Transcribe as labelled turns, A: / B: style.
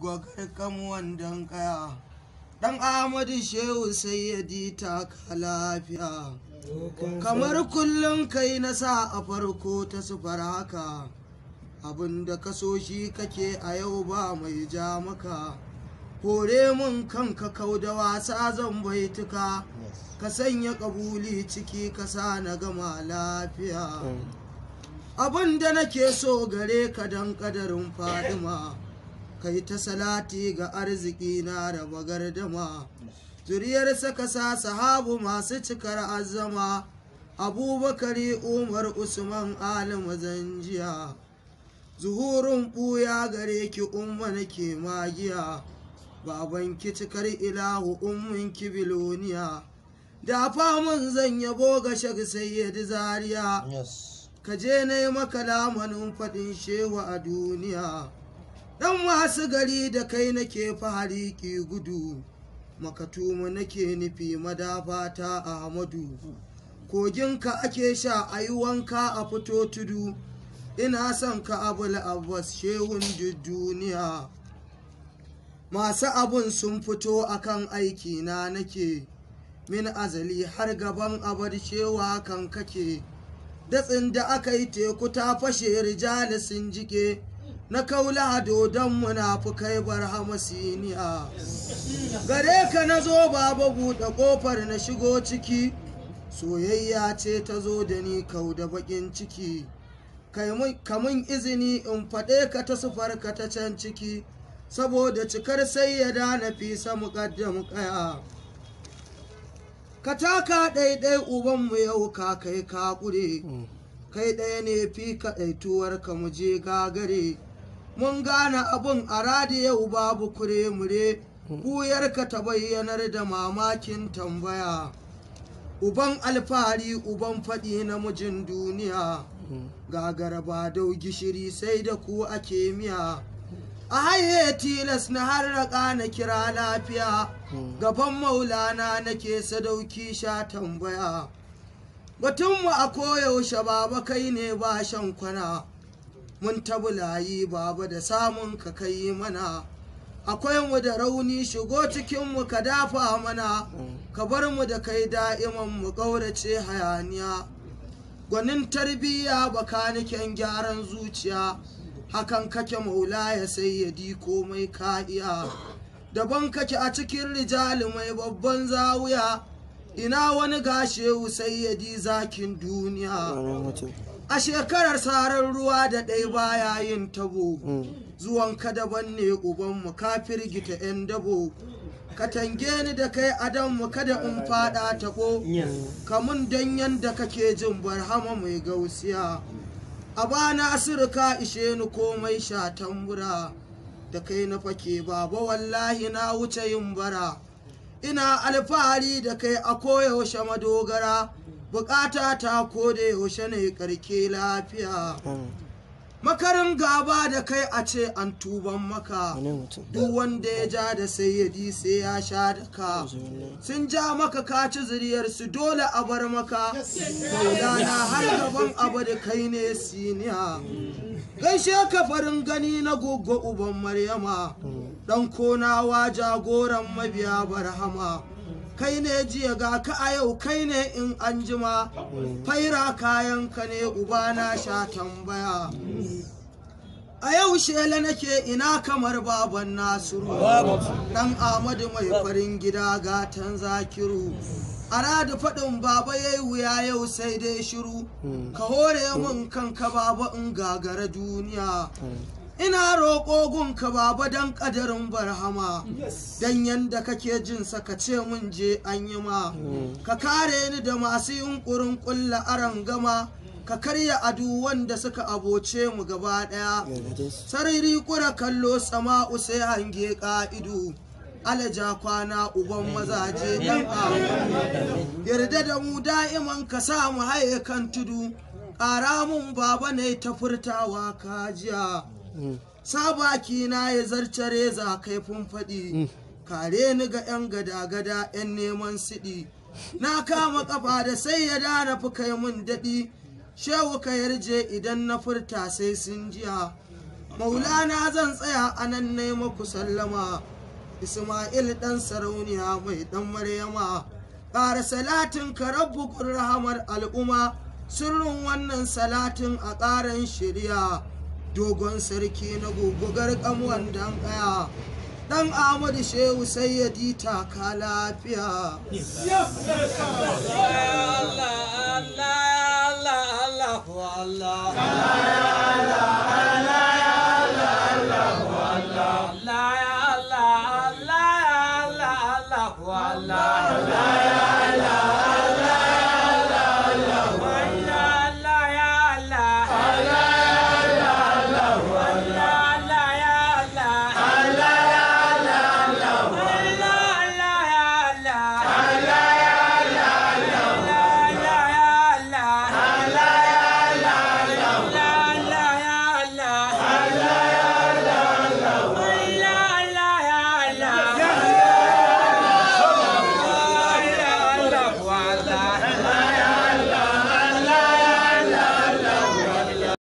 A: gwagar kamuwan dan kaya Ɗan ahmadu shehu sai ya dita ka lafiya kamar kullum kai na sa a farko ta sufar haka abinda ka so shi kake a yau ba mai ja maka kore mun kanka kau da wasa zan baituka ka sanya kabuli ciki ka sa na gama lafiya mm. abinda nake so gare ka don kadarin fadima Ka yi ta salati ga arziki na da bagardama zuriyar saka sa sahabu masu cikar azama abubakari umar usman ali mazanjiya zuhurun buya gare ki umma nake magiya Baban ki cikar ilahu ummin kibiloniya da famun zan yabo ga shag sayyid zariya ka je na yi maka lamanin faɗin shewa a duniya dan wasu gari da kai nake fahari ki gudu makatuma nake nufi madafa ta ahmadu ka ake sha a yi wanka a fito tudu ina son ka abul abbas shehun duniya masu abun sun fito akan aiki na nake min azali har gaban abar shewa kan kake datsin da aka yi teku ta fashe rijali sun jike na kaula dodon munafukai bar hamasiniya gare ka na zo baba buɗe ƙofar na shigo ciki soyayya ce ta zo da ni kau da baƙin ciki kamun izini in faɗe ka ta sufar ka ta can ciki saboda cikar sai ya dana fi samu ƙaddam kaya. ka taka ɗaiɗai ubanmu yau ka kai ka kure. Mm. kai ɗaya ne fi muje ka muje gagare mun gane abin a radiyau babu kuremure kuyarka ta bayyanar da mamakin tambaya uban alfahari uban faɗi namijin duniya gagara ba dau gishiri sai da ku a kemiya a haihe tilas na harraka na kira lafiya gaban maulana nake sadauki sha tambaya batunmu a koyaushe baba kai ne ba shan kwana mun tabulayi baba da samun ka kai mana akwai mu da rauni shigo cikin mu ka dafa mana ka bar mu da kai da'iman mu ƙaurace hayaniya gwanin tarbiyya bakaniken gyaran zuciya hakan kake maula ya sayyadi komai ka iya daban kake a cikin rijali mai babban zawuya ina wani gashe sai ya ji zakin duniya a shekarar sarar ruwa da ɗai baya yin tabo hmm. zuwan ka daban ne ubanmu ka firgita 'yan dabo ka tange ni da kai adammu kada in fada tabo kamun danyen da kake jin barhama mai gausiya a bana asiru ka ishe ni komai sha tambura da kai na fake baba wallahi na wuce yin bara ina alfahari da kai a koyaushe madogara bukata ta koda yaushe ne karke lafiya makarin gaba da kai a ce an tuban maka duk wanda ya ja da sayyadi sai ya sha da ka sun ja maka ka ci su dole a bar maka na har gaban abu da kai ne siniya gaishe ka farin gani na goggo uban maryama ɗan konawa jagoran mabiya barhama kai ne jiya ga ka a yau kai ne in anjima? jima faira ka ne uba sha tambaya a yau shela nake ina kamar baban nasiru Ɗan amadu mai farin gida gatan zakiru a radu faɗin baba ya yi wuya yau sai dai shiru ka hore mun kanka baba in gagara duniya ina roƙo gunka baba dan ƙadarin barhama don yanda kake jin ka ce mun je an yi ma mm. ka kare ni da masu yunƙurin ƙulla aran gama ka karya adu wanda suka aboce mu gaba ɗaya sarari kura kallo sama'u sai hange ka'idu. alaja kwana uban mazaje mm. dan mm. yarda da mu da'iman ka sa mu haye kan tudu ƙara mun baba ne ta furtawa kajiya sa baki na ya zarce reza kaifin faɗi kare ni ga 'yan gada-gada 'yan neman siɗi na kama ƙafa da sai ya dana fi kai mun daɗi shehu ka yarje idan na furta sai sun jiya maulana zan tsaya a nan na maku sallama ismail ɗan sarauniya mai ɗan maryama ƙara salatin ka rabu rahamar al'umma sirrin wannan salatin a ƙarin shirya dogon sarki na gogogar kamuwan dan kaya dan amadu Shehu sai ya dita ka lafiya. Allah Allah Allah Allah Allah